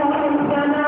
¡Gracias!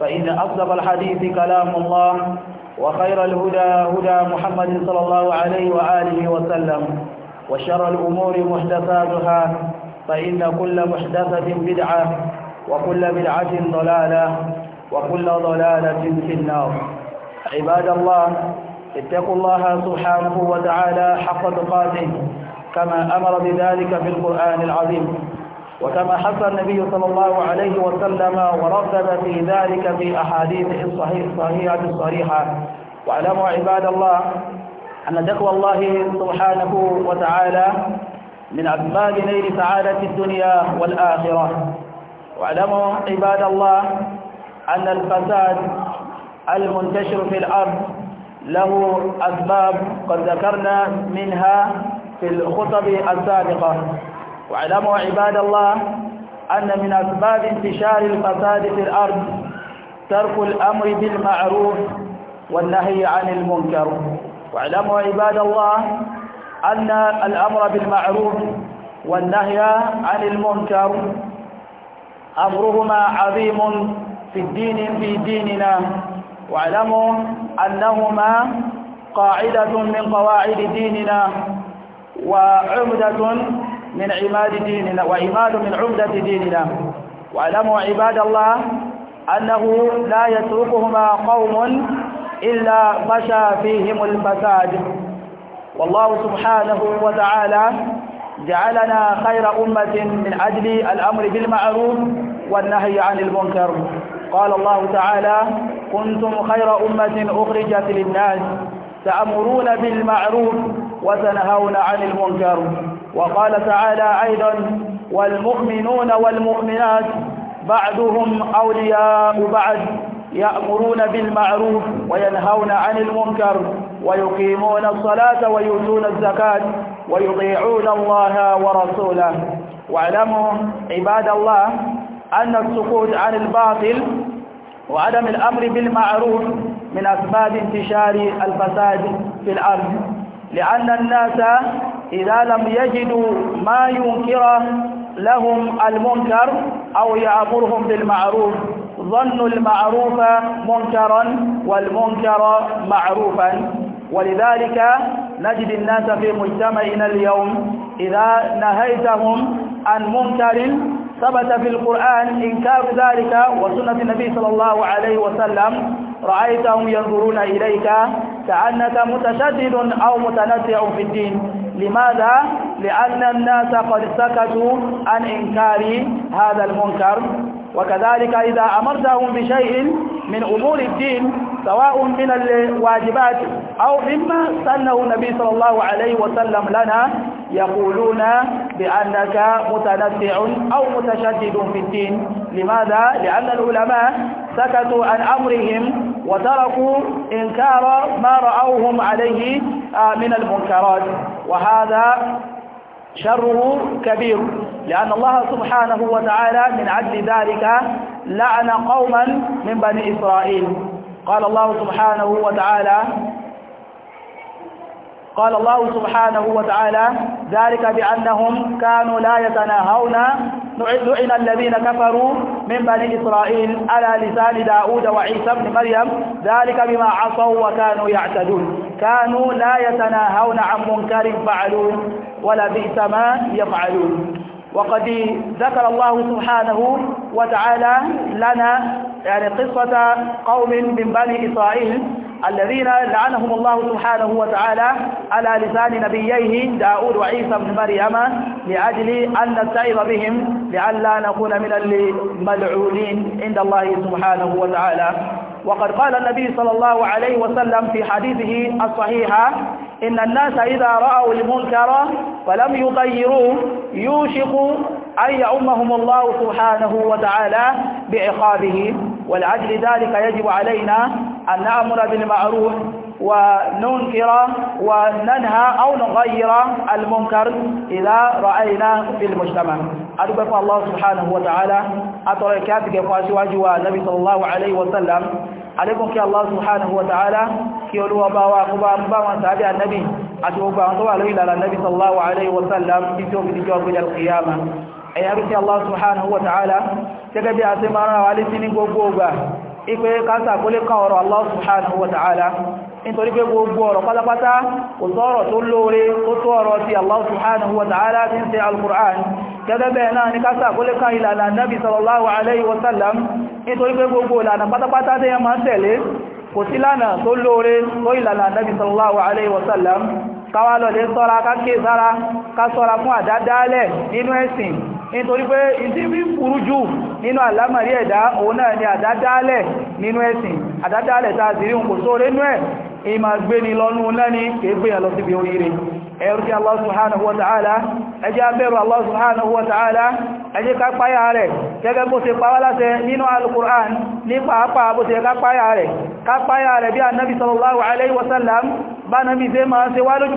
فإن أصدق الحديث كلام الله وخير الهدى هدى محمد صلى الله عليه وآله وسلم وشر الأمور محدثاتها فإن كل محدثة بدعة وكل بدعة ضلالة وكل ضلالة في النار عباد الله اتقوا الله سبحانه وتعالى حق تقاته كما أمر بذلك في القرآن العظيم وكما حث النبي صلى الله عليه وسلم ورغب في ذلك في أحاديثه الصحيحة الصريحة واعلموا عباد الله أن تقوى الله سبحانه وتعالى من أسباب نيل سعادة الدنيا والآخرة واعلموا عباد الله أن الفساد المنتشر في الأرض له أسباب قد ذكرنا منها في الخطب السابقة واعلموا عباد الله أن من أسباب انتشار الفساد في الأرض ترك الأمر بالمعروف والنهي عن المنكر واعلموا عباد الله أن الأمر بالمعروف والنهي عن المنكر أمرهما عظيم في الدين في ديننا واعلموا أنهما قاعدة من قواعد ديننا وعمدة من عماد ديننا وعماد من عمدة ديننا واعلموا عباد الله أنه لا يتركهما قوم إلا مشى فيهم الفساد والله سبحانه وتعالى جعلنا خير أمة من أجل الأمر بالمعروف والنهي عن المنكر قال الله تعالى كنتم خير أمة أخرجت للناس تأمرون بالمعروف وتنهون عن المنكر وقال تعالى أيضا والمؤمنون والمؤمنات بعضهم أولياء بعض يأمرون بالمعروف وينهون عن المنكر ويقيمون الصلاة ويؤتون الزكاة ويطيعون الله ورسوله واعلموا عباد الله أن السكوت عن الباطل وعدم الأمر بالمعروف من أسباب انتشار الفساد في الأرض لأن الناس إذا لم يجدوا ما ينكر لهم المنكر أو يأمرهم بالمعروف ظنوا المعروف منكرا والمنكر معروفا ولذلك نجد الناس في مجتمعنا اليوم إذا نهيتهم عن منكر ثبت في القرآن إنكار ذلك وسنة النبي صلى الله عليه وسلم رأيتهم ينظرون إليك كأنك متشدد أو متنزع في الدين لماذا؟ لأن الناس قد سكتوا عن إنكار هذا المنكر وكذلك إذا أمرتهم بشيء من أمور الدين سواء من الواجبات أو مما سنه النبي صلى الله عليه وسلم لنا يقولون بأنك متنزع أو متشدد في الدين لماذا؟ لأن العلماء سكتوا عن أمرهم وتركوا إنكار ما رأوهم عليه آه، من المنكرات وهذا شره كبير لأن الله سبحانه وتعالى من عدل ذلك لعن قوما من بني إسرائيل قال الله سبحانه وتعالى قال الله سبحانه وتعالى ذلك بأنهم كانوا لا يتناهون لعن الذين كفروا من بني إسرائيل على لسان داود وعيسى بن مريم ذلك بما عصوا وكانوا يعتدون كانوا لا يتناهون عن منكر فعلوه ولا بئس ما يفعلون وقد ذكر الله سبحانه وتعالى لنا يعني قصة قوم من بني إسرائيل الذين لعنهم الله سبحانه وتعالى على لسان نبييه داود وعيسى بن مريم لأجل أن نتعظ بهم لئلا نكون من الملعونين عند الله سبحانه وتعالى وقد قال النبي صلى الله عليه وسلم في حديثه الصحيح إن الناس إذا رأوا المنكر فلم يطيروا يوشقوا أن يعمهم الله سبحانه وتعالى بعقابه ولعجل ذلك يجب علينا أن نأمر بالمعروف وننكر وننهى أو نغير المنكر إذا رأينا في المجتمع أدبر الله سبحانه وتعالى أتركاتك فاسواجوا النبي صلى الله عليه وسلم عليكم كي الله سبحانه وتعالى كي يلوى باوا قبام باوا النبي àti gbogbo àwọn tó wà lórí ìlànà nabi sallallahu alaihi wa sallam tí tí ó fi díjọ́ gbé alkiyama ẹ̀yà rúkí allah subhanahu wa ta'ala gẹ́gẹ́ bí a ṣe máa rán wa létí ní gbogbo ọgbà ipe káńtà kó lè kan ọ̀rọ̀ allah subhanahu wa ta'ala nítorí pé gbogbo ọ̀rọ̀ pátápátá kò tó ọ̀rọ̀ tó lóore tó tó ọ̀rọ̀ ti allah subhanahu wa ta'ala ti ń ṣe alkur'an gẹ́gẹ́ bẹ́ẹ̀ náà ní káńtà kó kan ìlànà nabi sallallahu alaihi wa nítorí pé gbogbo ìlànà pátápátá tẹ́yẹ máa tẹ̀lé kò sí lánà tó lóore tó ìlànà ànábì sallallahu alaihi wasallam káwà lọ lè sọ́ra ká ké sára ká sọ́ra fún àdádálẹ̀ nínú ẹ̀sìn nítorí pé ìdí bí burú jù nínú àlámàrí ẹ̀dá òun náà ni àdádálẹ̀ nínú ẹ̀sìn àdádálẹ̀ tá ìmà gbé ni lọ́nú lẹ́ni kéègbé yà lọ síbi oríire ẹ̀rù tí Allah subhanahu wa ta'ala ẹjẹ́ abẹ́rù Allah subhanahu wa ta'ala ẹjẹ́ ká páyà rẹ̀ gẹ́gẹ́ bó ṣe pàwà láṣẹ nínú al-Qur'an ní pàápàá bó ṣe ká páyà rẹ̀ ká páyà rẹ̀ bí annabi sallallahu alaihi wasallam bá nabi ṣe máa ṣe wá lójú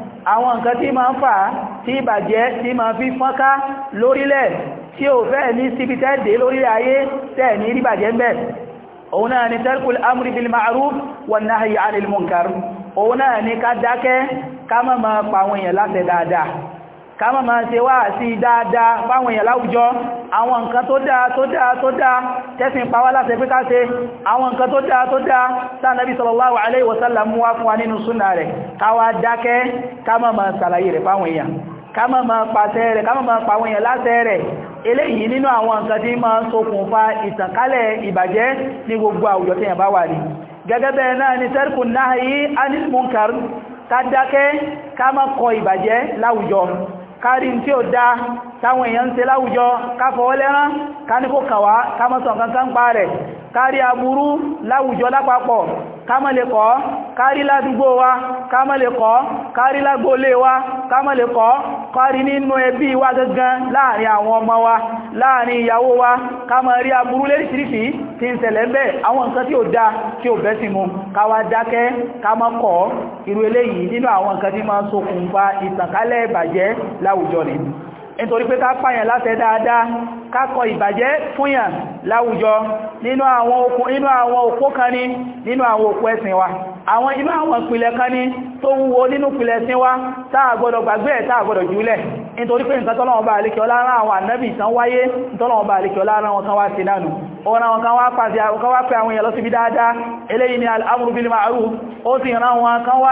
àwọn nǹkan tí ma ń fà tí ìbàjẹ́ tí ma fi fọ́nká lórílẹ̀ tí ò fẹ́ ní síbi tẹ́ẹ̀dẹ̀ lórílẹ̀ ayé tẹ́ẹ̀ ní ìbàjẹ́ ń bẹ̀ òun náà ni tarkul amri bil ká má máa ṣe wáàsí dáadáa fáwọn èèyàn láwùjọ àwọn nǹkan tó dáa tó dáa tó dáa tẹ́sìn pa wá láti pé ká àwọn nǹkan tó dáa tó dáa sáànàbí sallallahu alaihi wasallam mú wá fún wa nínú súnà rẹ̀ ká wá dákẹ́ ká má máa ṣàlàyé rẹ̀ fáwọn èèyàn ká má máa pàṣẹ rẹ̀ ká má máa pàwọn èèyàn láṣẹ rẹ̀ eléyìí nínú àwọn nǹkan tí máa ń ṣokùnfà ìtànkálẹ̀ ìbàjẹ́ ní gbogbo kọ ìbàjẹ́ láwùjọ kárí tí ó dá táwọn èèyàn ń ṣe láwùjọ káfọwọ́lẹ́rán ká ní kó kàwá ká mọ́sàn kankan pa rẹ̀ kárí aburú láwùjọ lápapọ̀ kámọ́lẹ̀kọ́ kárí ládúgbò wa kámọ́lẹ̀kọ́ kárí lágbólé wa kámọ́lẹ̀kọ́ kárí nínú ẹbí wa gangan láàrin àwọn ọmọ wa láàrin ìyàwó wa kámọ́ rí aburú léríṣìíríṣìí tí ń ṣẹlẹ̀ bẹ́ẹ̀ àwọn nǹkan tí ó dá tí ó bẹ́ sí mu káwa dákẹ́ kámọ́ kọ́ irú eléyìí nítorí pé ká pààyàn láṣẹ dáadáa ká kọ ìbàjẹ́ fúnyàn láwùjọ nínú àwọn òpó kan ní nínú àwọn òpó ẹ̀sìn wa àwọn inú àwọn ìpìlẹ̀ kan ní tó wúwo nínú ìpìlẹ̀ ẹ̀sìn wa táà gbọdọ̀ gbàgbé ẹ̀ táà gbọdọ̀ jùlẹ̀ nítorí pé nǹkan tọ́lọ́wọ́n bá àlékẹ́ ọlá rán àwọn ànábì ìsan wáyé tọ́lọ́wọ́n bá àlékẹ́ ọlá rán wọn kan wá sí náà nù ọ̀nà wọn kan wá pẹ àwọn ni al'amru bil ma'ruf ó sì rán wọn kan wá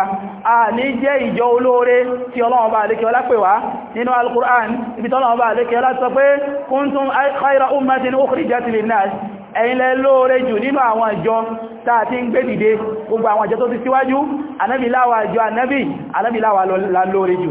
dáadáa a ní jẹ́ ìjọ olóore tí ọlọ́wọ́ bá lékẹ́ ọlá pè wá nínú al-Qur'an ibi tọ́lọ́wọ́ bá lékẹ́ ọlá sọ pé kuntum khayra ummatin ukhrijat lin-nas ẹ̀yin lẹ lóore jù nínú àwọn ìjọ táà tí ń gbé dìde gbogbo àwọn ìjọ tó ti síwájú anábìláwà ìjọ anábì anábìláwà lóore jù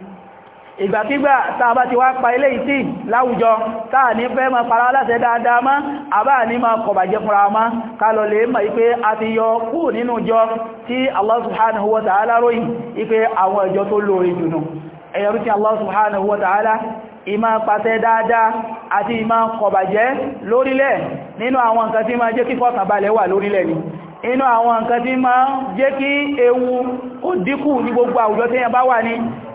ìgbàkígbà tàà bá ti wá pa ilé ìtì láwùjọ tàà ní fẹ́ ma fara aláṣẹ dáadáa má àbá ní ma kọ̀bàjẹ́ fúnra má kálọ̀ lè mọ̀ ipé a ti yọ kú nínú jọ tí Allah subhanahu wa ta'ala ròyìn ipé àwọn ìjọ tó lórí jùnú Allah subhanahu wa ta'ala ìmá pàṣẹ dáadáa àti ìmá kọ̀bàjẹ́ lórílẹ̀ nínú àwọn nǹkan tí ma jẹ́ kí fọ́kànbalẹ̀ wà lórílẹ̀ ni inú àwọn nǹkan tí ma jẹ́ kí ewu ó gbogbo àwùjọ tí yẹn bá wà ní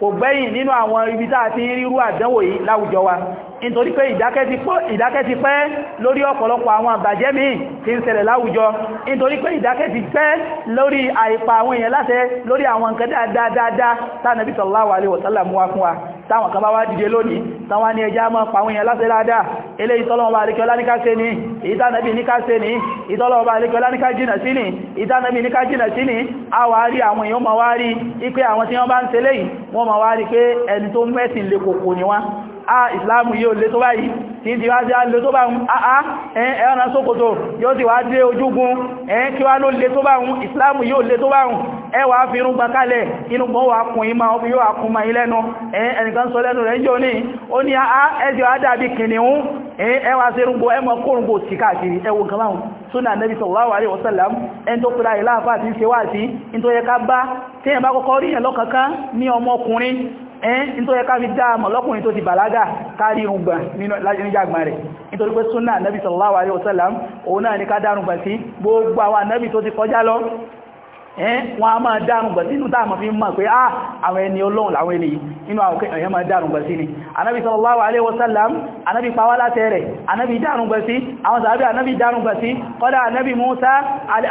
kò gbẹ́yìn nínú àwọn ibi tàà ti rírú àdánwò yìí láwùjọ wa nítorí pé ìdákẹ́ ti pẹ́ lórí ọ̀pọ̀lọpọ̀ àwọn àbàjẹ́ míì tí ń ṣẹlẹ̀ láwùjọ nítorí pé ìdákẹ́ ti pẹ́ lórí àìpa àwọn èèyàn láṣẹ lórí àwọn nǹkan dáadáa tánàbí sallallahu alaihi wasallam mú wa fún wa táwọn kan bá wá dìde lónìí táwọn ní ẹjá mọ́ pàwọn èèyàn láti dáadáa eléyìí tọ́lọ́wọ́ bá alékẹ́ ọláníká ṣe ní ìtànàbí níká ṣe ní ìtọ́lọ́wọ́ bá alékẹ́ ọláníká jìnà sí ní ìtànàbí níká jìnà sí ní a ní ah ìsìláàmù yóò lé tó báyìí tí ti wá sí á lé tó bá ń àá ah, ah, ẹ̀ẹ́ran sókòtò yóò ti wá dé ojúgun ẹ̀ẹ́ kí wá ló lé tó bá ń ìsìláàmù yóò lé tó bá ń ẹwà fi irun gbà kalẹ̀ inú gbọ́n wà kùn ìmá ọmọ yóò àkùn ma ilẹ́nu ẹnìkan sọ lẹ́nu rẹ̀ jọ ní ó ní àá ah, ẹjọ́ àdàbí kìnnìún ẹwà sí irúgbò ẹmọ kórùngbò sí káàkiri ẹwọ gamaun súnà nẹ́bí sallallahu ẹn tó yẹ ká fi dáàmà lọ́kùnrin tó ti bàlágà kárí ìrùngbà níjàgbà rẹ̀ nítorí pé súnà nẹ́bí sallallahu alaihi wasallam òun náà ní ká dárùngbà sí gbogbo àwọn nẹ́bí tó ti kọjá lọ ẹn wọ́n a máa dárùngbà sínú táàmà fi mọ̀ pé ah, àwọn ẹni inú àwọn èèyàn máa dárùn gbà sí ni anábi sallallahu alaihi wasallam anábi pàwálá tẹ́rẹ̀ anábi dárùn gbà sí àwọn sàábí anábi dárùn gbà sí kọ́dá anábi Musa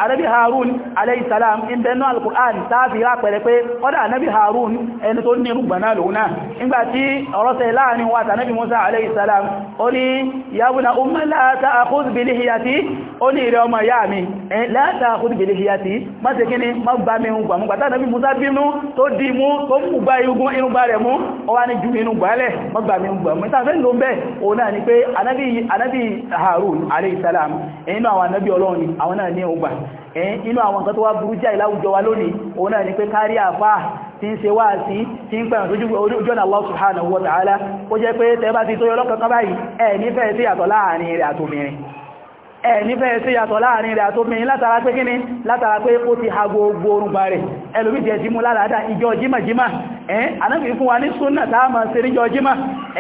anábi Harun alaihi salam in bẹnu al-Qur'an tàbí rá pẹ̀rẹ̀ pé kọ́dá anábi Harun ẹni tó ní rúgbà náà lòun náà nígbàtí ọ̀rọ̀sẹ̀ láàrin wa tànábi Musa alaihi salam ó ní ya buna umma la ta'khudh bi lihiyati ó ní ìrẹ ọmọ ya mi la ta'khudh bi lihiyati má ṣe kíni má bá mi hun gbàmúgbà tànábi Musa bínú tó dìímú tó mú gbá irúgbá rẹ̀ mú mú ó wá ní jù inú gbálẹ̀ mọ́gbàmí gbàmí tàbí ló bẹ́ òun náà ni pé anábì Harun alayhi salam inú àwọn anábì ọlọ́run àwọn náà ní ọgbà inú àwọn nǹkan tó wá burú jáì láwùjọ wa lónìí òun náà ni pé kárí àfáà tí ń ṣe wá sí tí ń pẹ̀rùn tójú ojúọ̀nà Allah subhanahu wa ta'ala ó jẹ́ pé tẹ́ bá ti tó yọ lọ́kọ̀ọ́kan báyìí ẹ̀ nífẹ̀ẹ́ sí àtọ̀ láàrin rẹ̀ ẹ̀nífẹ́ sí yàtọ̀ láàrin rẹ̀ àtóbìnrin látara pé kíni látara pé ó ti ha gbogbo orúnbà rẹ̀ ẹlòmí jẹ́ jímú lálàádá ìjọ jímàjímà ẹ́n anábìí fún wa ní súnà táàmà sí níjọ jímà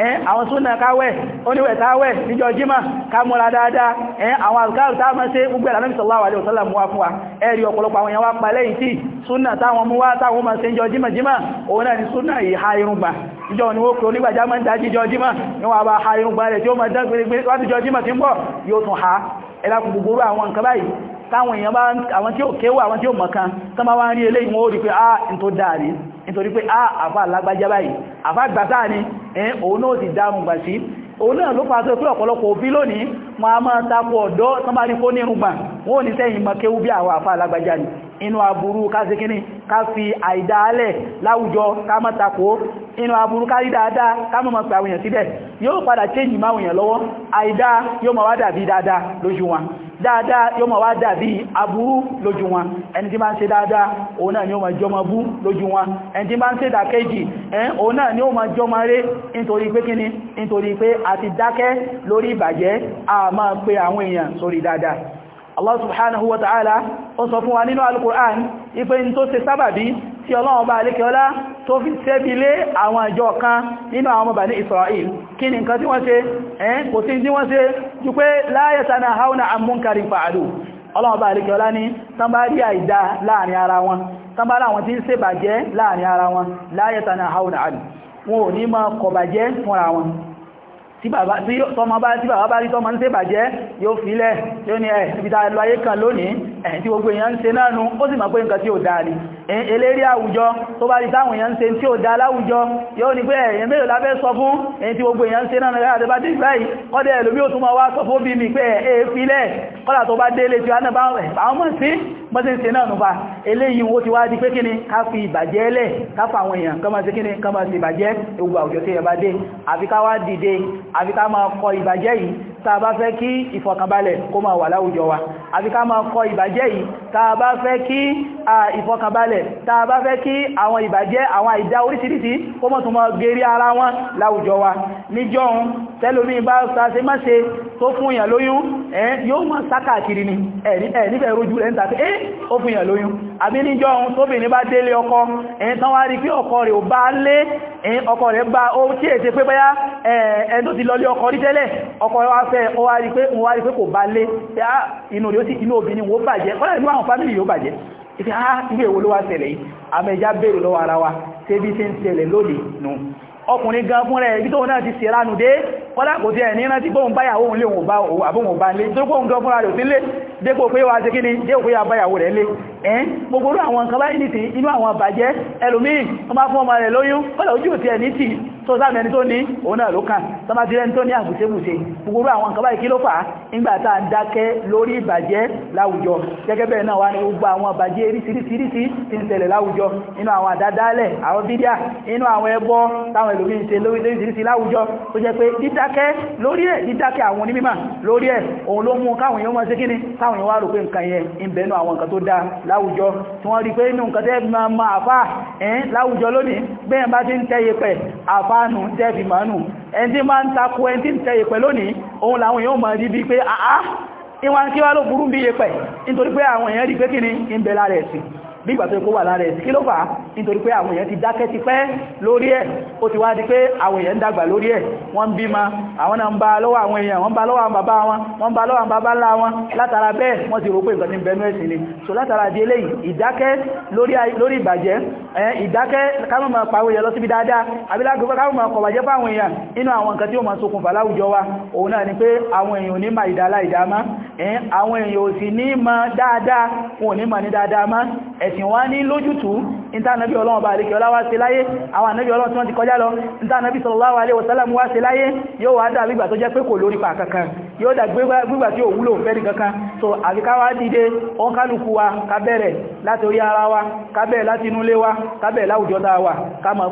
ẹ́n àwọn súnà káwẹ̀ oníwẹ̀ táwẹ̀ níjọ jímà kámúra dáadáa ẹ́n àwọn àlùkáàrù táàmà sí gbogbo ẹ̀lànà sallallahu alaihi wasallam wá fún wa ẹ̀rí ọ̀pọ̀lọpọ̀ àwọn èèyàn wá pa lẹ́yìn tí súnà ni súnà ìhà ni ó kò nígbàjá máa ń dájí jọ jímà ní wọ́n bá ha irùngbà ha ẹ̀dàkùn gbogbo àwọn nǹkan báyìí táwọn èèyàn bá àwọn tí ó kéwà àwọn tí ó mọ̀kan tán bá wá ń rí eléyìí wọ́n ó rí pé ah n dáàrí nítorí pé ah àfà alágbájá báyìí àfà gbàtáà ni ẹ̀yìn òun náà ti dáàmù gbà sí òun náà ló pàtó pé ọ̀pọ̀lọpọ̀ òbí lónìí wọn a máa tako ọ̀dọ́ tán bá ní kó ní irúgbà wọn ò ní sẹ́yìn mọ́ kéwú bí àwọn àfà alágbàjá ni inú aburú ká sí kíní ká fi àìdáálẹ̀ láwùjọ ká mọ́ tako inú aburú ká change máwòyàn lọ́wọ́ àìdá yóò mọ̀ wá dàbí dáadáa yóò máa wá dàbí aburú lójú wọn ẹni tí máa ń ṣe dáadáa òun náà ni ó máa jọmọ bú lójú wọn ẹni tí máa ń ṣe dàkejì ẹn òun náà ni ó máa jọmọ rẹ̀ nítorí pé kíni nítorí pé a ti dákẹ́ lórí ìbàjẹ́ a máa pe àwọn èèyàn sórí dáadáa Allah subhanahu wa ta'ala ó sọ fún al-Qur'an ipe n tó ṣe tí ọlọ́run bá alékẹ́ọ́lá tó fi ṣẹ́bi àwọn ìjọ kan nínú àwọn ọmọ Bani Israel kí ni nǹkan tí wọ́n ṣe ẹ́ kò sí tí wọ́n ṣe jù pé la yatanahawna an munkarin fa'alu ọlọ́run bá alékẹ́ọ́lá tí bàbá bá rí tọ́mọ ń ṣe bàjẹ́ yóò fílẹ̀ tí ó ní ẹ̀ ìbìta lọ ayé kan lónìí ẹ̀ tí gbogbo èèyàn ń ṣe náà nú ó sì mọ̀ pé nǹkan tí ó dáa ní eléri àwùjọ tó bá rí táwọn èèyàn ń ṣe tí ó dáa láwùjọ yóò ní pé èèyàn mélòó la fẹ́ sọ fún èyí tí gbogbo èèyàn ń ṣe náà nígbà ah, tó bá dé báyìí kọ́dẹ̀ ẹlòmí ò tún máa wá sọ fún bí mi pé ẹ filẹ̀ àbí ká máa kọ ìbàjẹ́ yìí tá bá fẹ́ kí ìfọ̀kànbalẹ̀ kó máa wà láwùjọ wa àbí ká máa kọ ìbàjẹ́ yìí tá bá fẹ́ kí ìfọ̀kànbalẹ̀ tá bá fẹ́ kí àwọn ìbàjẹ́ àwọn àìdá oríṣiríṣi kó mọ́ tún mọ́ gẹ̀rí ara wọn láwùjọ wa níjọ́un tẹ́lómi bá sáṣe má ṣe tó fún èèyàn lóyún ẹ̀ẹ́n yóò mọ́ sákàkiri ni ẹ̀ẹ́nìfẹ́ rojú rẹ̀ ń tàbí ẹ́ ó fún èèyàn lóyún àbí níjọ́un tóbìnrin bá délé ọkọ ẹ̀ẹ́n tán lé ọkọ rẹ̀ tẹ́lẹ̀ ọkọ rẹ̀ fẹ́ ó wá rí pé wọ́n wá rí pé kò bá lé tí á ah, inú rí ó sì inú obìnrin wó bàjẹ́ kọ́lá inú àwọn fámílì yóò bàjẹ́ ìfẹ́ á ilé èwo ló wá ṣẹlẹ̀ yìí àmẹ́já bèèrè lọ́wọ́ ara wa tí ebi ti ń ṣẹlẹ̀ lónìí nù ọkùnrin gan fún rẹ̀ ibi tóun náà ti ṣe ránu dé kọ́lá kò tí ẹ̀ ní rántí bóun báyàwó òun lé òun bá òun àbóhun bá lé tó kóun gan fúnra rẹ̀ ò sí lé dépò pé wá ṣe kí ni dépò pé wá ẹ́n gbogbo àwọn nǹkan báyìí nìtì inú àwọn àbàjẹ́ ẹlòmíì wọ́n bá fún ọmọ rẹ̀ lóyún ọlọ̀ ojú òtí ẹ̀ ní tì tó sáàmì ẹni tó ní òun náà ló kàn tọ́bá ti rẹ́ni tó ní àbùsẹ́bùsẹ́ gbogbo àwọn nǹkan báyìí kí ló fà á nígbàtà ń dákẹ́ lórí ìbàjẹ́ láwùjọ gẹ́gẹ́ bẹ́ẹ̀ náà wá ní gbogbo àwọn àbàjẹ́ eríṣiríṣiríṣi ti ń ṣẹlẹ̀ láwùjọ inú àwọn àdádálẹ̀ àwọn bídíà inú àwọn ẹbọ táwọn ẹlòmíín ṣe lóríṣiríṣi láwùjọ tó jẹ́ pé dídákẹ́ lórí ẹ̀ dídákẹ́ àwọn onímọ̀ láwùjọ tí wọ́n rí pé inú nǹkan tẹ́ fi máa ma àfá ẹ̀yìn láwùjọ lónìí bẹ́ẹ̀ bá ti ń tẹ́yẹ pẹ̀ àfáànù tẹ́ fi máa nù ẹni tí máa ń takò ẹni tí ń tẹ́yẹ pẹ̀ lónìí òun làwọn èèyàn ni ń bí ìgbà tó kó wà lára ẹ̀ kí ló fà á nítorí pé àwọn èèyàn ti dákẹ́ ti pẹ́ lórí ẹ̀ ó ti wá di pé àwọn èèyàn ń dàgbà lórí ẹ̀ wọ́n ń bímọ àwọn náà ń bá lọ́wọ́ àwọn èèyàn wọ́n ń bá lọ́wọ́ àwọn bàbá wọn wọ́n ń bá lọ́wọ́ àwọn bàbá ńlá wọn látara bẹ́ẹ̀ wọ́n ti rò pé nǹkan ti ń bẹnu ẹ̀sìn ni so látara di eléyìí ìdákẹ́ lórí ìbàjẹ́ ìdákẹ́ káwọn máa pàwọn èèyàn lọ síbi ni pé àwọn ní máa dáadáa wọn ò ní máa ní dáadáa mọ́ ẹ̀sìn ẹ̀sìn wá ní lójútù ìntànàbí ọlọ́run bá àríkẹ́ ọláwá ṣe láyé àwọn ànábí ọlọ́run tí wọ́n ti kọjá lọ ìntànàbí sallallahu alaihi wasallam wá ṣe láyé yóò wá dàbí ìgbà tó jẹ́ pé kò lórí pa kankan yóò dà gbígbà tí ò wúlò fẹ́ni kankan so àríká wá dìde òun kálukú wa wa ká bẹ̀rẹ̀ wa ká bẹ̀rẹ̀ láwùjọ tá a wà ká máa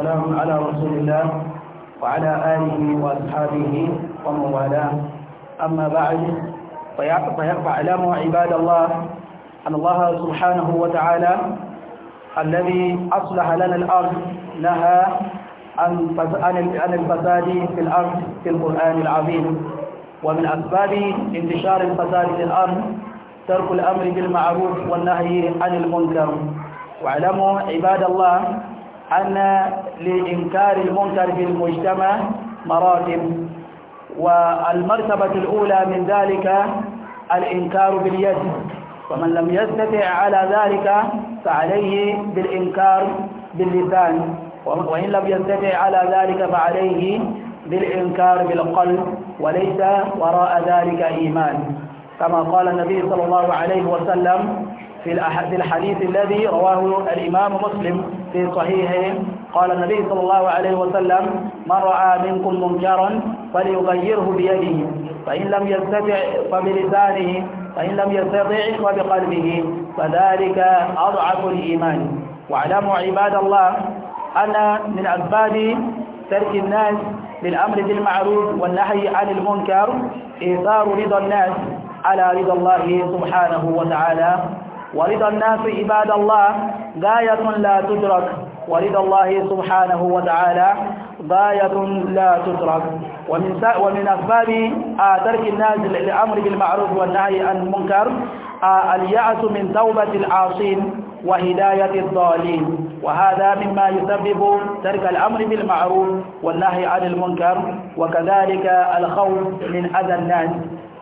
والسلام على رسول الله وعلى آله وأصحابه ومن والاه أما بعد فيعلموا عباد الله أن الله سبحانه وتعالى الذي أصلح لنا الأرض نهى عن الفساد في الأرض في القرآن العظيم ومن أسباب انتشار الفساد في الأرض ترك الأمر بالمعروف والنهي عن المنكر واعلموا عباد الله أن لإنكار المنكر في المجتمع مراتب والمرتبة الأولى من ذلك الإنكار باليد ومن لم يستطع على ذلك فعليه بالإنكار باللسان وإن لم يستطع على ذلك فعليه بالإنكار بالقلب وليس وراء ذلك إيمان كما قال النبي صلى الله عليه وسلم في الحديث الذي رواه الإمام مسلم في صحيحه قال النبي صلى الله عليه وسلم من رأى منكم منكرا فليغيره بيده فإن لم يستطع فبلسانه فإن لم يستطع فبقلبه فذلك أضعف الإيمان واعلموا عباد الله أن من أسباب ترك الناس للأمر بالمعروف والنهي عن المنكر إيثار رضا الناس على رضا الله سبحانه وتعالى ورضا الناس عباد الله غاية لا تدرك ورضا الله سبحانه وتعالى غاية لا تترك ومن ومن أسباب آه، ترك الناس للأمر بالمعروف والنهي عن المنكر آه، اليأس من توبة العاصين وهداية الضالين وهذا مما يسبب ترك الأمر بالمعروف والنهي عن المنكر وكذلك الخوف من أذى الناس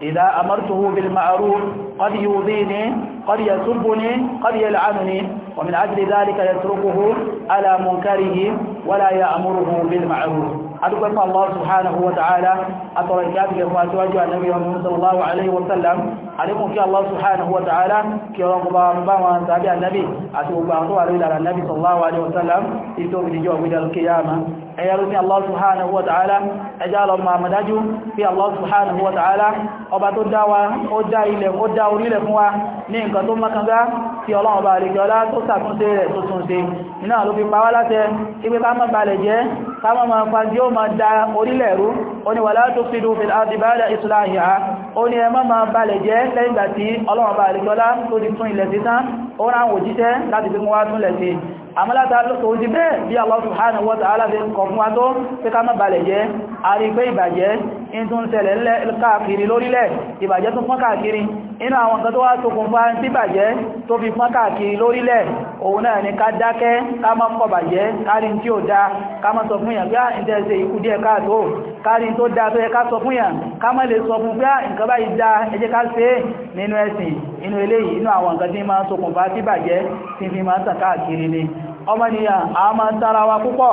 إذا أمرته بالمعروف قد يؤذيني قد يسبني قد يلعنني ومن أجل ذلك يتركه على منكره ولا يأمره بالمعروف adúgbẹ́ fún Allah subhanahu wa ta'ala àtọ̀rọ̀ ìkẹ́ àti gẹ̀rùn àti wájú ànábì wọn sallallahu alaihi wasallam àríkùn kí Allah subhanahu wa ta'ala kí ọ̀rọ̀ gbogbo àwọn bá wọn tàbí ànábì àti gbogbo àwọn tó wà lórí lára ànábì sallallahu alaihi wasallam ìtò ìdíjọ́ ìgbìdàlùkìyàmá ẹ̀yẹrú ní Allah subhanahu wa ta'ala ẹjá lọ ma mọ̀dájú fi Allah subhanahu wa ta'ala ọba tó dá wa ó dá ilẹ̀ ó dá orílẹ̀ fún wa ní nǹkan tó makanga tí ọlọ́run bá lè jọlá tó sàtúnṣe rẹ̀ tó túnṣe iná ló fi pa wá láṣẹ ipé ká má balẹ̀ jẹ́ ká má máa lẹ́yìn ìgbà tí ọlọ́run bá lè jọlá tó ti tún ilẹ̀ sí tán ó òjíṣẹ́ láti fi mú wá túnlẹ̀ sí àmọ́láta lókòó ti bẹ́ẹ̀ bí Allah subhanahu wa ta'ala fi kọ̀ fún wa tó pé ká má balẹ̀ jẹ́ a rí pé ìbàjẹ́ in tó ń ṣẹlẹ̀ káàkiri lórílẹ̀ ìbàjẹ́ tó fún káàkiri inú àwọn nǹkan tó wá ṣokùnfà tí bàjẹ́ tó fi fún káàkiri lórílẹ̀ òun náà ni ká dákẹ́ ká má kọ̀ bàjẹ́ kárí tí ó dá ká má sọ fún yàn gbá ìtẹ́ẹ̀sẹ̀ ah, ikú díẹ̀ káàtó kárí tó dá tó yẹ ká sọ fún yàn ká má lè sọ fún gbá ah, nǹkan báyìí dá ẹ ká ṣe nínú ẹ̀sìn inú eléyìí inú àwọn nǹkan tí máa ṣokùnfà tí bàjẹ́ tí fi máa tàn káàkiri ni ọmọnìyàn a máa ń tara wa púpọ̀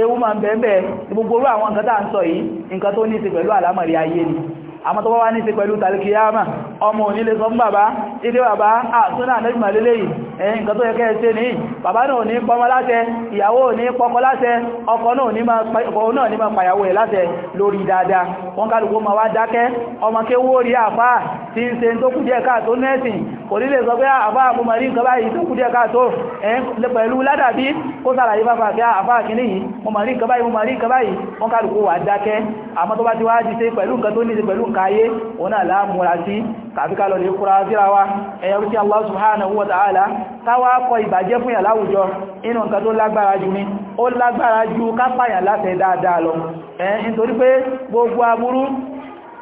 ewu máa ń bẹ̀ẹ́ bẹ̀ẹ́ gbogbo orú àwọn nǹkan tá à ń sọ yìí nǹkan tó ní í pẹ̀lú àlámọ̀rí ayé ni àmọ́ tó bá wá ní ṣe pẹ̀lú tàríkìyàmà ọmọ onílé sọ bàbá ilé bàbá àtúnà lẹ́gbìmà lélẹ̀ yìí ẹ̀yìn nǹkan tó yẹ kẹ́ ṣe ní bàbá náà ní pọmọ láṣẹ ìyàwó ní pọkọ láṣẹ ọkọ náà ní ma pàyàwó ẹ̀ láṣẹ lórí dáadáa ma wá dákẹ́ ọmọ kéwó rí àfáà tí ń ṣe tó kù díẹ̀ káàtó nẹ́ẹ̀sìn kò nílé sọ pé àfáà mú marí nǹkan báyìí tó kù díẹ̀ káàtó ẹ̀ pẹ̀lú ládàbí kó sàlàyé fáfà pé àfáà kìíní yìí mú marí nǹkan báyìí mú marí nǹkan báyìí nǹkan ayé òun náà láàmúra sí kàfíkà lọ lè kúra síra wa ẹ̀yọ́ tí Allah subhanahu wa ta'ala káwà kọ ìbàjẹ́ fún yà láwùjọ inú nǹkan tó lágbára jù ní ó lágbára ju kápáyà láti dáadáa lọ ẹ̀ nítorí pé gbogbo aburú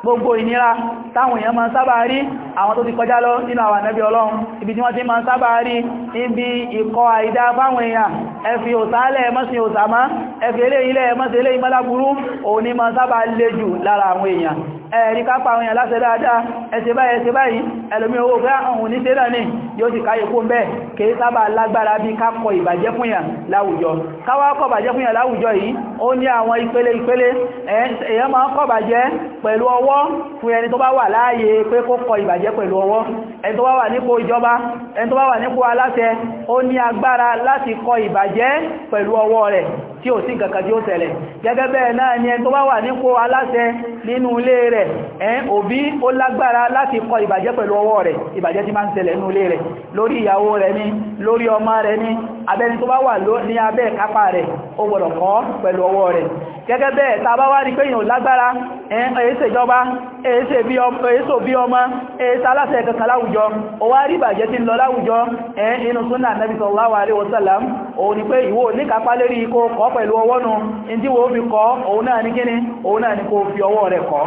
gbogbo ìnira táwọn èèyàn máa sábà rí àwọn tó ti kọjá lọ nínú àwọn ànábì ọlọ́run ibi tí wọ́n ti máa sábà rí ibi ìkọ àìdá fáwọn èèyàn ẹfì òsàálẹ̀ ẹmọ́sìn òsàmá ẹfì eléyìnlẹ̀ ẹmọ́sìn eléyìn mọ́láburú òun ni máa sábà lè jù lára àwọn èèyàn ẹ̀rí kápa àwọn èèyàn láṣẹ dáadáa ẹ̀ṣẹ̀ báyìí ẹ̀ṣẹ̀ báyìí ẹlòmí owó fẹ́ àwọn oníṣẹ́ náà ní yóò sì káyé kó bẹ́ẹ̀ kìí sábà lágbára bí kákọ ìbàjẹ́ fún yàn láwùjọ káwá kọ bàjẹ́ fún yàn láwùjọ yìí ó ní àwọn ìpele ìpele èèyàn máa ń kọ bàjẹ́ pẹ̀lú ọwọ́ fún ẹni tó bá wà láàyè pé kó kọ ìbàjẹ́ pẹ̀lú ọwọ́ ẹni tó bá wà nípò ìjọba ẹni tó bá wà nípò aláṣẹ ó ní agbára láti kọ ìbàjẹ́ pẹ̀lú ọwọ́ rẹ̀ tí ò sí nǹkan tí ó ṣẹlẹ̀ gẹ́gẹ́ bẹ́ẹ̀ náà ni ẹni tó bá wà nípò aláṣẹ nínú ilé rẹ̀ rẹ̀ ẹn òbí ó lágbára láti kọ ìbàjẹ́ pẹ̀lú ọwọ́ rẹ̀ ìbàjẹ́ tí máa ń ṣẹlẹ̀ nínú ilé rẹ̀ lórí ìyàwó rẹ̀ ní lórí ọmọ rẹ̀ ní abẹni tó bá wà ní abẹ́ kápá rẹ̀ ó gbọ́dọ̀ kọ́ pẹ̀lú ọwọ́ rẹ̀ gẹ́gẹ́ bẹ́ẹ̀ tá bá wá rí pé èèyàn lágbára ó ni pé ìwọ ní kápá lérí kó kọ́ pẹ̀lú ọwọ́ nù ìdíwò ó fi ọwọ́ rẹ̀ kọ́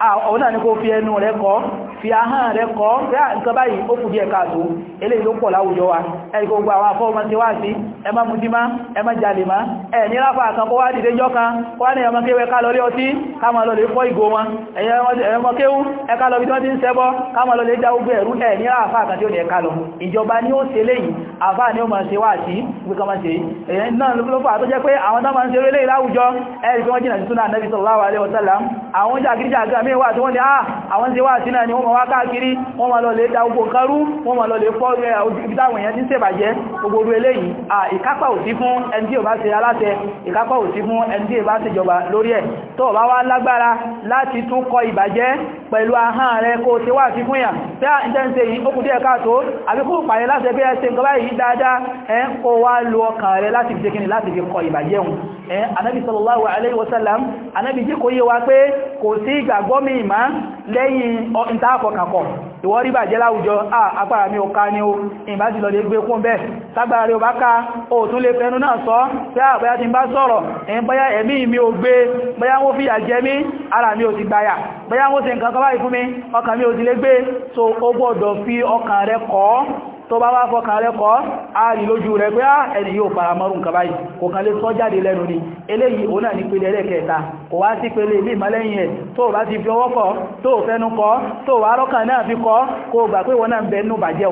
àwọn náà ní kó fi ẹnu rẹ̀ kọ́ fi ahán rẹ̀ kọ́ rẹ̀ nǹkan báyìí ó kù díẹ̀ káàtò eléyìí ló pọ̀ láwùjọ wa ẹ̀rì gbogbo àwọn afọ́ọmọ ti wá sí ẹ má mutí má ẹ má jalè má ẹ ní ráfà kan kó wá dìde jọ kan wá ní ọmọ kéwẹ ká lọlé ọtí ká máa lọlé fọ́ ìgò wọn ẹ̀yọmọ kéwú ẹ ká lọ bí wọ́n ti ń ṣẹbọ ká máa lọlé dá ogbó ẹ̀rú ẹ ní ráfà kan tí ó ní ẹ̀ká lọ ìjọba ni ó ṣe léyìí àfà ni ó máa ṣe wá sí gbé kan máa ṣe èyí náà ló fà tó jẹ́ pé àwọn mí wà tí wọ́n ni ah, àwọn tí wà sí náà ni wọ́n ma wá káàkiri wọ́n ma lọ lè da ogun karú wọ́n ma lọ lè fọ́ ìbítàwọn eh, èèyàn tí ń ṣèbàjẹ́ gbogbo eléyìí ìkápá ò sí fún ẹni tí ò bá ṣe aláṣẹ ìkápá ò sí fún ẹni tí ò bá ṣèjọba lórí ẹ̀ tó bá wá lágbára láti tún kọ ìbàjẹ́ pẹ̀lú ahán rẹ kó ti wá sí fún yà tí a ìtẹ́ǹsẹ̀ yìí ó kù díẹ̀ káàtó àbíkú pàyẹ láti ẹgbẹ́ ẹsẹ̀ nǹkan báyìí dáadáa ẹ kó wá lo ọkàn rẹ láti fi jẹ́ kíni láti fi kọ ìbàjẹ́un ẹ anábi sallallahu alaihi wasallam anábi o ìbá ti lọ́dẹ̀ gbé kún o tún lè fẹnu náà sọ pé àbáyá ti bá sọ̀rọ̀ ẹ̀yìn báyá ẹ̀mí mi ò gbé báyá wọ́n fìyà jẹ ara mi ò ti gbáyà báyá wọ́n ṣe nǹkan báyìí fún mi ọkàn mi ò ti lé gbé so ó gbọ́dọ̀ fi ọkàn rẹ kọ́ tó bá wá fọ́kà rẹ̀ kọ́ ààrì lójú rẹ̀ pé ah, ẹni yóò fara mọ́rún kà báyìí kò kàn lè sọ jáde lẹ́nu ni eléyìí òun náà ní pele ẹlẹ́kẹta kò wá sí pele ilé ìmọ́lẹ́yìn ẹ̀ tó bá ti fi ọwọ́ kọ́ tó fẹ́nu kọ́ tó wá rọ́kàn náà fi kọ́ kó gbà pé wọ́n náà ń bẹnu bàjẹ́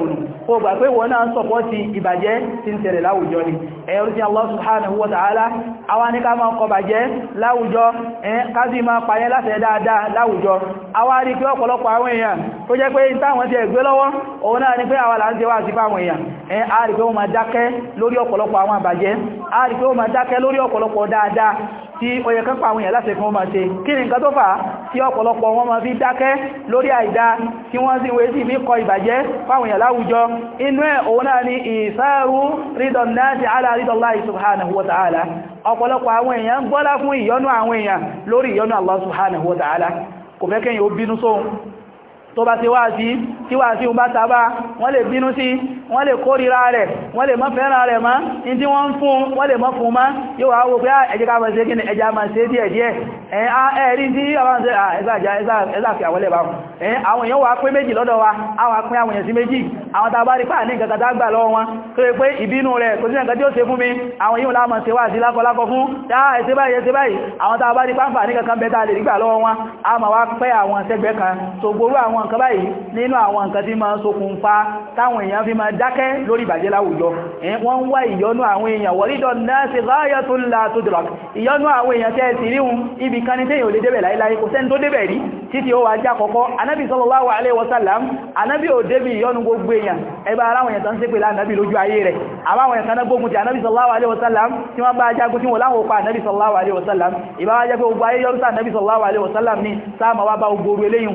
subhanahu wa ta'ala àwa ní ká máa kọ bàjẹ́ láwùjọ ká sì máa payẹ́ láṣẹ dáadáa láwùjọ àwa rí pé ọ̀pọ̀lọpọ̀ àwọn èèyàn tó jẹ́ pé sí fáwọn èèyàn ẹ a rí pé wọ́n máa dákẹ́ lórí ọ̀pọ̀lọpọ̀ àwọn àbàjẹ́ a rí pé wọ́n máa dákẹ́ lórí ọ̀pọ̀lọpọ̀ dáadáa tí ó yẹ kán pa àwọn èèyàn láti fún ọmọ ṣe kí ni nǹkan tó fà tí ọ̀pọ̀lọpọ̀ wọn máa fi dákẹ́ lórí àìdá tí wọ́n sì wé sí fi kọ ìbàjẹ́ fáwọn èèyàn láwùjọ inú ẹ̀ òun náà ni ìsáàrú rídọ̀ náà ti ala rídọ̀ Allah subhanahu wa ta'ala ọ̀pọ̀lọpọ̀ àwọn èèyàn ń gbọ́lá fún ìyọnú àwọn èèyàn lórí ìyọnú Allah subhanahu wa ta'ala kò fẹ́ kẹ́yìn ó bínú sóhun tó bá ti wá sí tí wá sí ọba tàbá wọ́n lè bínú sí wọ́n lè kórìíra rẹ̀ wọ́n lè mọ́ fẹ́ràn rẹ̀ mọ́ in tí wọ́n ń fún wọ́n lè mọ́ fún mọ́ yóò wá wò pé ah, ẹjẹ́ ká mọ̀ sí kí ni ẹjá mọ̀ sí díẹ̀ díẹ̀ ẹ̀rí ah, tí àwọn èèyàn wa àwọn apin àwọn èèyàn sí méjì àwọn tàbá rí pàà ní nǹkan tàbá gbà lọ́wọ́ wọn tó yẹ pé ìbínú rẹ̀ kò sí nǹkan tí ó ṣe fún mi àwọn yíò láàmọ̀ ṣe wà sí lákọlákọ fún ah, àwọn àwọn nǹkan báyìí nínú àwọn nǹkan tí máa ń ṣokùnfà táwọn èèyàn fi máa dákẹ́ lórí ìbàjẹ́ láwùjọ wọ́n ń wá ìyọnú àwọn èèyàn wọ́rídọ̀ náà sí ráyọ̀ tó la tó dọ̀rọ̀ ìyọnú àwọn èèyàn tẹ́ ti ríhun ibi kan ní téèyàn ò lè débẹ̀ láíláí kò sẹ́ni tó débẹ̀ rí títí ó wá já kọ́kọ́ anábì sallallahu alaihi wasallam anábì ò débi ìyọnú gbogbo èèyàn ẹba ara àwọn èèyàn tán sí pé lánàbì lójú ayé rẹ̀ àbáwọn èèyàn kaná gbógun ti anábì sallallahu alaihi wasallam tí wọ́n bá jagun tí wọ́n láwọn òpa anábì sallallahu alaihi wasallam ìbáwájẹ́ pé gbogbo ayé yọrúsà anábì alaihi wasallam ní sáàmà wá bá gbogbo eléyìn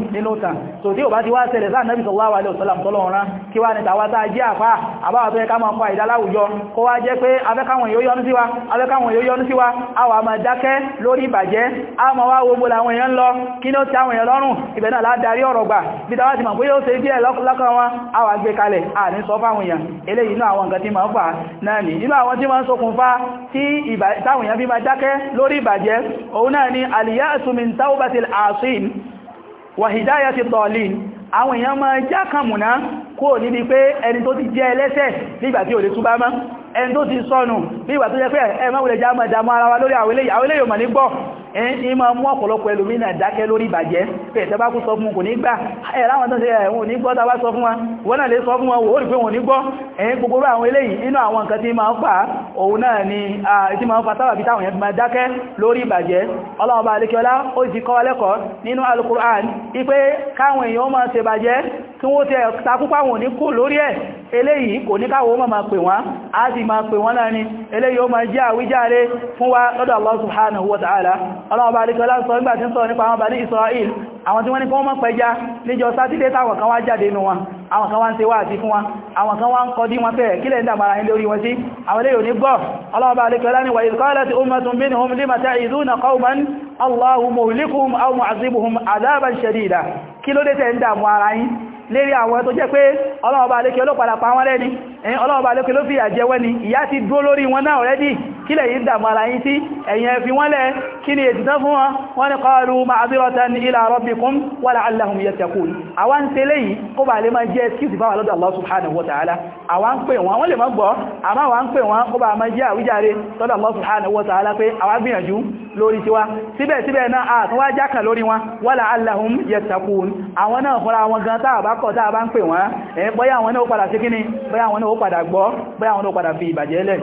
tí ò bá ti wá ṣẹlẹ̀ sáà nẹ́bì sallallahu alaihi wasallam tọ́lọ́run rán kí wá ní tàwátá jẹ́ àpá àbáwà tó yẹ ká máa pa ìdáláwùjọ kó wá jẹ́ pé afẹ́káwọn yóò yọnú sí wa afẹ́káwọn yóò yọnú sí wa a wà máa dákẹ́ lórí ìbàjẹ́ a máa wá gbogbo làwọn èèyàn lọ kí ní ó ti àwọn èèyàn lọ́rùn ibẹ̀ náà ládarí ọ̀rọ̀ gbà bí tàwá ti mọ̀ pé yóò ṣe díẹ̀ lọ́kàn wọn a wà gbé kalẹ̀ a ní wà hìdáyà ti tọ̀ọ̀lì àwọn èèyàn máa já kàmùná kó níbi pé ẹni tó ti jẹ́ ẹlẹ́ṣẹ̀ nígbà tí ò lè túbá mọ́ ẹni tó ti sọnù nígbà tó jẹ́ pé ẹ ẹni máa mú ọ̀pọ̀lọpọ̀ ẹlòmínà dákẹ́ lórí ìbàjẹ́ pẹ̀ẹ̀tẹ́ bá kú sọ fún kò ní gbà ẹ̀láwọn tán ṣe ẹ̀wọ̀n ní gbọ́ tàbá sọ fún wa wọ́n náà lè sọ fún wọn wò ó rí pé wọ́n ní gbọ́ ẹ̀yìn gbogbo àwọn eléyìí inú àwọn ni tí máa ń fa sábàbí táwọn yẹn máa dákẹ́ lórí ìbàjẹ́ ọlọ́run bá alékiọlá ó ti kọ́ lẹ́kọ̀ọ́ nínú alukur'an wípé káwọn èèyàn máa ṣe bàjẹ́ tí wọ́n ti takúpá wọn ní kò lórí ẹ̀ eléyìí kò ní káwọ́ máa pè wọ́n á sì máa pè wọ́n náà ni eléyìí ó máa jẹ́ àwíjáre fún wa lọ́dọ̀ Allah subhanahu wa ta'ala ọlọ́ọ̀bá àríkọlá sọ nígbàtí ń sọ nípa àwọn Bani Israel àwọn tí wọ́n ní kọ́ mọ́ pẹja níjọ sátidé táwọn kan wá jáde nù wọn àwọn kan wá ń ṣe wá àti fún wọn àwọn kan wá ń kọ dí wọn fẹ́ kílẹ̀ ìdàmàrà ilé orí wọn sí àwọn ilé òní gbọ́ ọlọ́ọ̀bá alẹ́kọ̀ọ́lá lérí àwọn tó jẹ́ pé ọlọ́ọ̀bá alẹ́kẹ́ ló padà pa wọ́n lẹ́ni ẹ̀yìn ọlọ́ọ̀bá alẹ́kẹ́ ló fi àjẹwẹ́ ni ìyá ti dúró lórí wọn náà rẹ́dì kílẹ̀ yìí dàmú ara sí ẹ̀yìn ẹ̀fí wọ́n lẹ́ kí ni عليكم ولعلهم يتقون àwọn ṣe lèyí kó bá lè máa jẹ́ excuse bá wà lọ́dọ̀ Allah subhanahu wa ta'ala àwọn pè wọ́n wọ́n lè máa gbọ́ àmọ́ àwọn pè wọ́n kó bá máa jẹ́ àwíjàre lọ́dọ̀ Allah subhanahu wa ta'ala pé àwọn gbìyànjú lórí tiwa síbẹ̀síbẹ̀ náà àtún wá jákà lórí wọn wala'allahum yattaqun àwọn náà fúnra wọn gan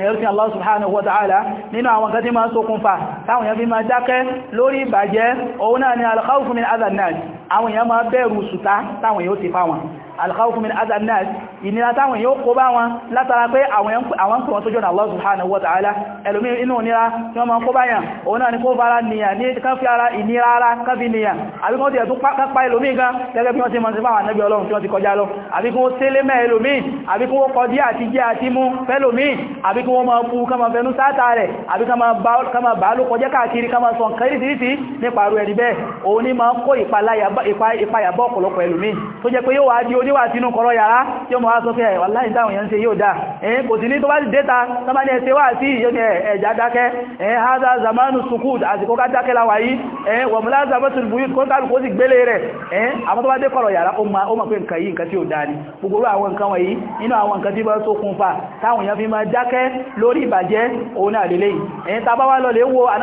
ẹ̀yọ́sí Allah subhanahu wa ta'ala nínú àwọn kan tí máa ṣokùnfà táwọn èèyàn fi máa dákẹ́ lórí ìbàjẹ́ òun náà ni al min adhan nas àwọn èèyàn máa bẹ̀rù sùtá táwọn èèyàn ti fáwọn alkhawfu min azab nas ìnira táwọn èèyàn kó bá wọn látara pé àwọn àwọn tó jọ́nà Allah subhanahu wa ta'ala ẹlòmí inú nira tí wọ́n máa kó báyàn òun náà ni kó bára nìyà ní kan fi ara ìnira ara kan fi nìyà àbí kan tiẹ̀ tún kápá ẹlòmí gan gẹ́gẹ́ bí wọ́n ti máa ń ṣe fáwọn anábì ọlọ́run tí wọ́n ti kọjá lọ àbí kí wọ́n tẹ́lé mẹ́ ẹlòmí àbí kí wọ́n kọ dí àti jẹ́ ìpayàbọ́ ọ̀pọ̀lọpọ̀ ẹlòmí tó jẹ́ pé yóò wá di oníwà sínú kọ̀rọ̀ yàrá yóò mọ̀ wá sọ pé wà láì dáwọn yẹn ń ṣe yóò dáa ẹ̀yìn eh, kò sí ní tó bá ti dẹ́ta tọ́bá ní ẹsẹ̀ wà sí ẹ̀já zamanu sukut àsìkò ká dákẹ́ láwà yìí ẹ̀yìn eh, wọ̀mùlá zamatul buyut kó kálù kó sì gbélé rẹ̀ ẹ̀yìn eh, àwọn tó bá dé kọ̀rọ̀ yàrá ó mọ̀ pé nǹkan yìí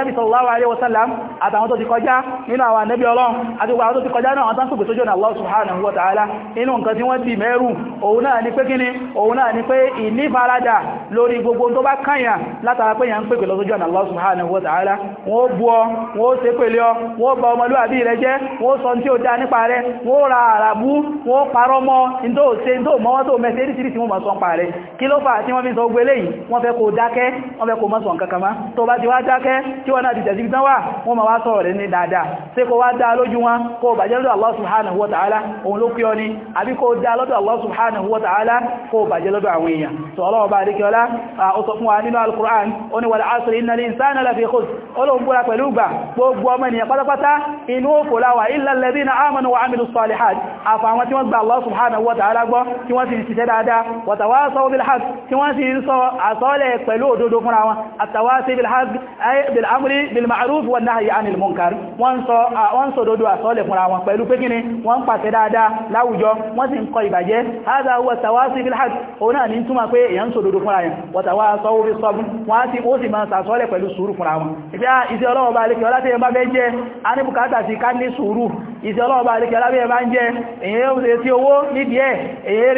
nǹkan tí alaihi wasallam àtàwọn tó ti kọjá nínú àwọn anábì ọlọ́run àti kọjá náà tásùkù tó jọ́nà Allah subhanahu wa ta'ala inú nǹkan tí wọ́n ti mẹ́rù òun náà ni pé kíni òun náà ni pé ìnífaradà lórí gbogbo tó bá kányà látara pé yàn ń pèpè lọ́sọ́jọ́ náà Allah subhanahu wa ta'ala wọ́n bú ọ wọ́n ṣe pèlé ọ wọ́n bà ọmọlúwàbí rẹ jẹ́ wọ́n sọ tí ó dá nípa rẹ wọ́n ra àràbú wọ́n parọ́ mọ́ tó ṣe tó mọ́wọ́ tó mẹ́sẹ̀ rí sírísì wọ́n ma sọ ń pa rẹ̀ kí ló fà tí wọ́n fi sọ gbé lẹ́yìn wọ́n fẹ́ kó dákẹ́ wọ́n fẹ́ kó mọ́ sọ nǹkan kan má tó bá ti wá dákẹ́ tí wọ́n náà ti tẹ̀sí tán wà wọ́n ma wá sọ̀rọ̀ rẹ̀ ní dáadáa ṣé kó wá dá lójú wọn kó bà bàjẹ́lọ́dọ̀ Allah subhanahu wa ta'ala òun ló kí ọ ní àbí kó dá lọ́dọ̀ Allah subhanahu wa ta'ala kó bàjẹ́lọ́dọ̀ àwọn èèyàn tó ọlọ́wọ́ bá adékẹ́ọlá ó sọ fún wa nínú al-Qur'an ó ní wal asri innal insana lafi khusr olóhun búra pẹ̀lú gbà gbogbo ọmọ ènìyàn pátápátá inú òfòláwà illa alladhina amanu wa amilu salihat àfàwọn tí wọ́n gba Allah subhanahu wa ta'ala gbọ́ tí wọ́n sì ń ṣiṣẹ́ dáadáa wa tawasaw bil haqq tí sọ àsọ́lẹ̀ pẹ̀lú fúnra wọn pẹ̀lú pé kíni wọ́n ń pàṣẹ dáadáa láwùjọ wọ́n sì ń kọ ìbàjẹ́ hádá huwa tawasi bil haqq òun náà ní túnmà pé èyàn sòdodo fúnra yẹn wọ̀tàwà sọ́wọ́ fi sọ́bùn wọ́n sì ó sì máa sàsọ́lẹ̀ pẹ̀lú sùúrù fúnra wọn ìfẹ́ ìṣẹ́ ah, ọlọ́wọ́ bá lékẹ́ ọláṣẹ́ bá fẹ́ jẹ́ a ní bùkátà sí ká ní sùúrù ìṣẹ́ ọlọ́wọ́ bá lékẹ́ ọláṣẹ́ bá ń jẹ́ èyàn retí owó nídìí ẹ̀ èyàn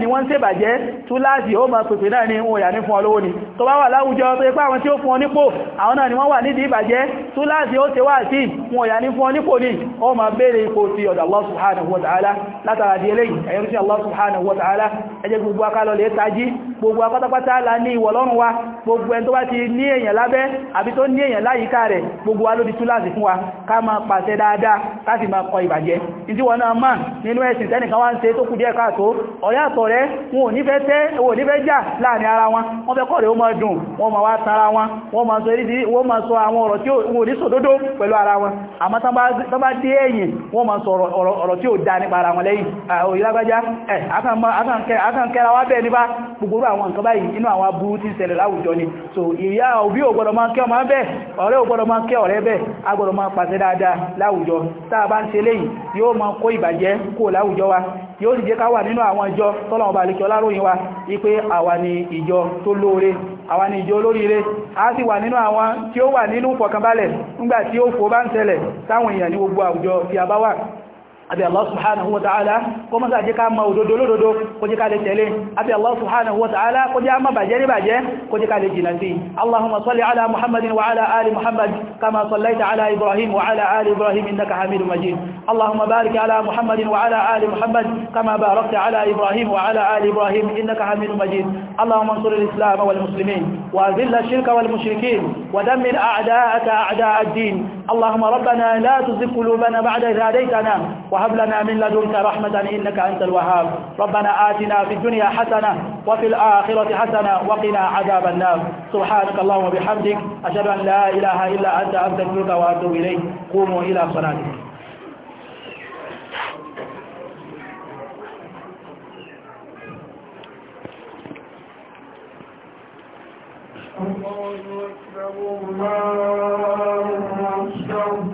ni wọ́n ń ṣèbàjẹ́ túláàsì ni wọn ni tó bá wà láwùjọ tó jẹ́ àwọn àwọn tí ó fún ọ nípò àwọn náà ni wọ́n wà nídìí ìbàjẹ́ tó láti ó tewà sí fún ọ̀yà ní fún ọ nípò ní ọ ma ipò ti ọ̀dọ̀ Allah subhanahu wa ta'ala látara di ẹ̀yẹ́ ẹjẹ́ gbogbo akálọ̀lẹ̀ tají gbogbo akọ́tọ́pátá la ní ìwọ̀ lọ́rùn wa gbogbo ẹni tó bá ti ní èèyàn lábẹ́ àbí tó ní èèyàn láyìíká rẹ̀ gbogbo alódi túláàsì fún wa ká máa pàṣẹ dáadáa ká sì máa kọ ìbàjẹ́ ìdí wọn náà mà nínú ẹ̀sìn tẹ́nìkan wá ń ṣe tó kù díẹ̀ káàtó ọ̀yàtọ̀ rẹ̀ wọn ò ní fẹ́ tẹ́ wọn ò ní fẹ́ jà láàrin ara wọn wọ́n fẹ́ kọ́ rẹ̀ ó máa dùn wọ́n máa wá tara wọn kan kẹra wá bẹ́ẹ̀ nípa gbogbo àwọn nǹkan báyìí inú àwọn aburú tí ń ṣẹlẹ̀ láwùjọ ni so ìyá òbí ò gbọ́dọ̀ máa kẹ́ ọmọ bẹ́ẹ̀ ọ̀rẹ́ ò gbọ́dọ̀ máa kẹ́ ọ̀rẹ́ bẹ́ẹ̀ a gbọ́dọ̀ máa pàṣẹ dáadáa láwùjọ tá a bá ń ṣe léyìí yóò máa kó ìbàjẹ́ kó wa yóò sì jẹ́ ká wà nínú àwọn ìjọ tọ́lọ̀ ọba àlekẹ́ wa àbí Allah subhanahu wa ta'ala kó mọ́ sáàjẹ́ ká ma òdòdó lódòdó kó jẹ́ ká lè tẹ̀lé àbí Allah subhanahu wa ta'ala kó jẹ́ ma bàjẹ́ rí bàjẹ́ kó jẹ́ ká lè jìnà sí Allahumma salli ala Muhammadin wa ala ali Muhammad kama sallaita ala Ibrahim wa ala ali Ibrahim innaka Hamidum Majid Allahumma barik ala Muhammadin wa ala ali Muhammad kama barakta ala Ibrahim wa ala ali Ibrahim innaka Hamidum Majid Allahumma ansur al-Islam wal muslimin wa adhill ash-shirka wal mushrikeen wa dammir a'da'aka a'da'a din Allahumma rabbana la tuzigh qulubana ba'da idh hadaytana wa وهب لنا من لدنك رحمة إنك أنت الوهاب ربنا آتنا في الدنيا حسنة وفي الآخرة حسنة وقنا عذاب النار سبحانك اللهم وبحمدك أشهد أن لا إله إلا أنت أستغفرك وأتوب إليك قوموا إلى صلاتكم الله أكبر الله أكبر